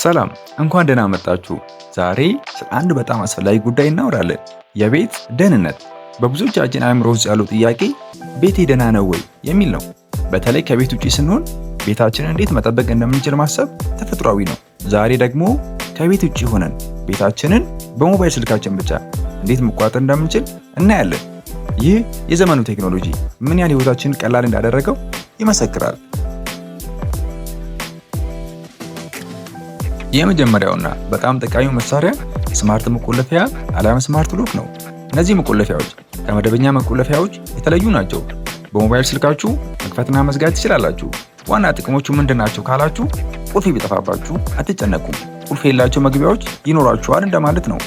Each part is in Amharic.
ሰላም፣ እንኳን ደህና መጣችሁ። ዛሬ ስለ አንድ በጣም አስፈላጊ ጉዳይ እናወራለን፣ የቤት ደህንነት። በብዙዎቻችን አእምሮ ውስጥ ያለው ጥያቄ ቤቴ ደህና ነው ወይ የሚል ነው። በተለይ ከቤት ውጪ ስንሆን ቤታችንን እንዴት መጠበቅ እንደምንችል ማሰብ ተፈጥሯዊ ነው። ዛሬ ደግሞ ከቤት ውጪ ሆነን ቤታችንን በሞባይል ስልካችን ብቻ እንዴት መቆጣጠር እንደምንችል እናያለን። ይህ የዘመኑ ቴክኖሎጂ ምን ያህል ህይወታችንን ቀላል እንዳደረገው ይመሰክራል። የመጀመሪያውና በጣም ጠቃሚ መሳሪያ ስማርት መቆለፊያ አሊያም ስማርት ሎክ ነው። እነዚህ መቆለፊያዎች ከመደበኛ መቆለፊያዎች የተለዩ ናቸው። በሞባይል ስልካችሁ መክፈትና መዝጋት ትችላላችሁ። ዋና ጥቅሞቹ ምንድን ናቸው ካላችሁ፣ ቁልፍ ቢጠፋባችሁ አትጨነቁም። ቁልፍ የሌላቸው መግቢያዎች ይኖራችኋል እንደማለት ነው።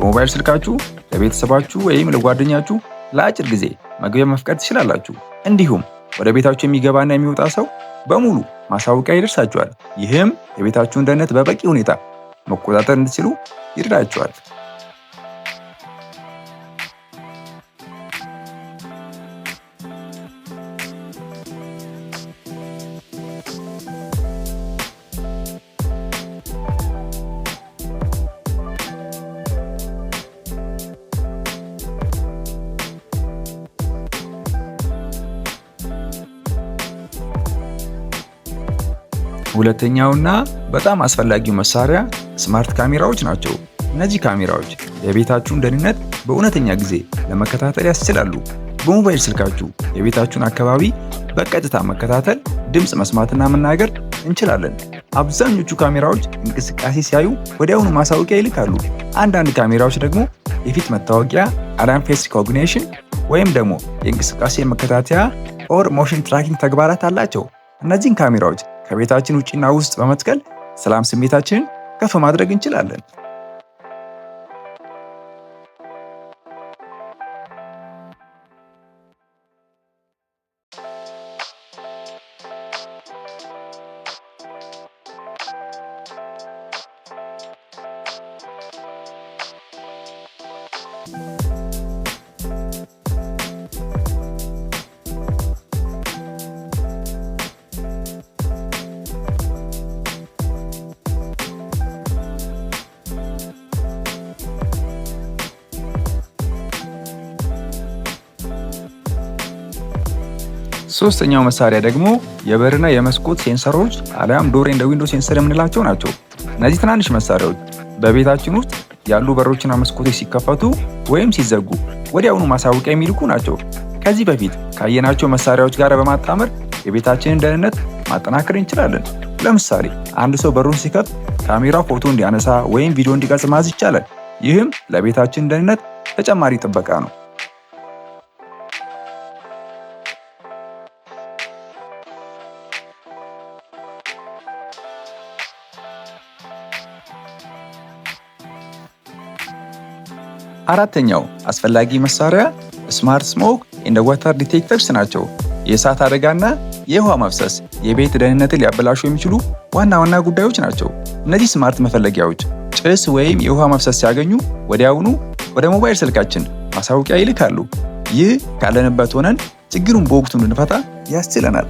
በሞባይል ስልካችሁ ለቤተሰባችሁ ወይም ለጓደኛችሁ ለአጭር ጊዜ መግቢያ መፍቀድ ትችላላችሁ። እንዲሁም ወደ ቤታችሁ የሚገባና የሚወጣ ሰው በሙሉ ማሳወቂያ ይደርሳችኋል። ይህም የቤታችሁን ደህንነት በበቂ ሁኔታ መቆጣጠር እንድትችሉ ይረዳችኋል። ሁለተኛውና በጣም አስፈላጊው መሳሪያ ስማርት ካሜራዎች ናቸው። እነዚህ ካሜራዎች የቤታችሁን ደህንነት በእውነተኛ ጊዜ ለመከታተል ያስችላሉ። በሞባይል ስልካችሁ የቤታችሁን አካባቢ በቀጥታ መከታተል፣ ድምፅ መስማትና መናገር እንችላለን። አብዛኞቹ ካሜራዎች እንቅስቃሴ ሲያዩ ወዲያውኑ ማሳወቂያ ይልካሉ። አንዳንድ ካሜራዎች ደግሞ የፊት መታወቂያ አዳም ፌስ ሪኮግኒሽን ወይም ደግሞ የእንቅስቃሴ መከታተያ ኦር ሞሽን ትራኪንግ ተግባራት አላቸው። እነዚህን ካሜራዎች ከቤታችን ውጭና ውስጥ በመትከል ሰላም ስሜታችንን ከፍ ማድረግ እንችላለን። thank you ሶስተኛው መሳሪያ ደግሞ የበርና የመስኮት ሴንሰሮች አሊያም ዶር እንደ ዊንዶ ሴንሰር የምንላቸው ናቸው። እነዚህ ትናንሽ መሳሪያዎች በቤታችን ውስጥ ያሉ በሮችና መስኮቶች ሲከፈቱ ወይም ሲዘጉ ወዲያውኑ ማሳወቂያ የሚልኩ ናቸው። ከዚህ በፊት ካየናቸው መሳሪያዎች ጋር በማጣመር የቤታችንን ደህንነት ማጠናከር እንችላለን። ለምሳሌ አንድ ሰው በሩን ሲከፍት ካሜራ ፎቶ እንዲያነሳ ወይም ቪዲዮ እንዲቀርጽ ማዝ ይቻላል። ይህም ለቤታችን ደህንነት ተጨማሪ ጥበቃ ነው። አራተኛው አስፈላጊ መሳሪያ ስማርት ስሞክ እንደ ዋተር ዲቴክተርስ ናቸው። የእሳት አደጋና የውሃ ማፍሰስ የቤት ደህንነትን ሊያበላሹ የሚችሉ ዋና ዋና ጉዳዮች ናቸው። እነዚህ ስማርት መፈለጊያዎች ጭስ ወይም የውሃ ማፍሰስ ሲያገኙ ወዲያውኑ ወደ ሞባይል ስልካችን ማሳወቂያ ይልካሉ። ይህ ካለንበት ሆነን ችግሩን በወቅቱ እንድንፈታ ያስችለናል።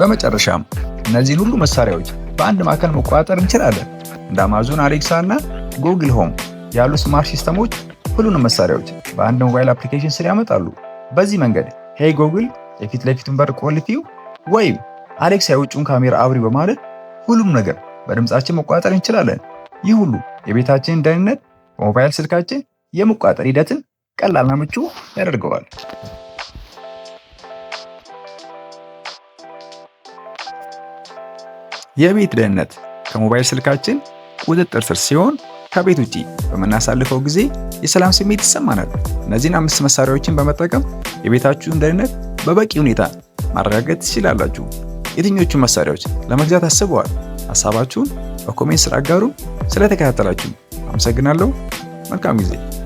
በመጨረሻም እነዚህን ሁሉ መሳሪያዎች በአንድ ማዕከል መቆጣጠር እንችላለን። እንደ አማዞን አሌክሳ እና ጉግል ሆም ያሉ ስማርት ሲስተሞች ሁሉንም መሳሪያዎች በአንድ ሞባይል አፕሊኬሽን ስር ያመጣሉ። በዚህ መንገድ ሄይ ጉግል የፊት ለፊቱን በር ቆልፊው ወይም አሌክሳ የውጭውን ካሜራ አብሪ በማለት ሁሉም ነገር በድምፃችን መቆጣጠር እንችላለን። ይህ ሁሉ የቤታችንን ደህንነት በሞባይል ስልካችን የመቆጣጠር ሂደትን ቀላልና ምቹ ያደርገዋል። የቤት ደህንነት ከሞባይል ስልካችን ቁጥጥር ስር ሲሆን ከቤት ውጪ በምናሳልፈው ጊዜ የሰላም ስሜት ይሰማናል። እነዚህን አምስት መሳሪያዎችን በመጠቀም የቤታችሁን ደህንነት በበቂ ሁኔታ ማረጋገጥ ትችላላችሁ። የትኞቹ መሳሪያዎች ለመግዛት አስበዋል? ሀሳባችሁን በኮሜንት ስር አጋሩ። ስለተከታተላችሁ አመሰግናለሁ። መልካም ጊዜ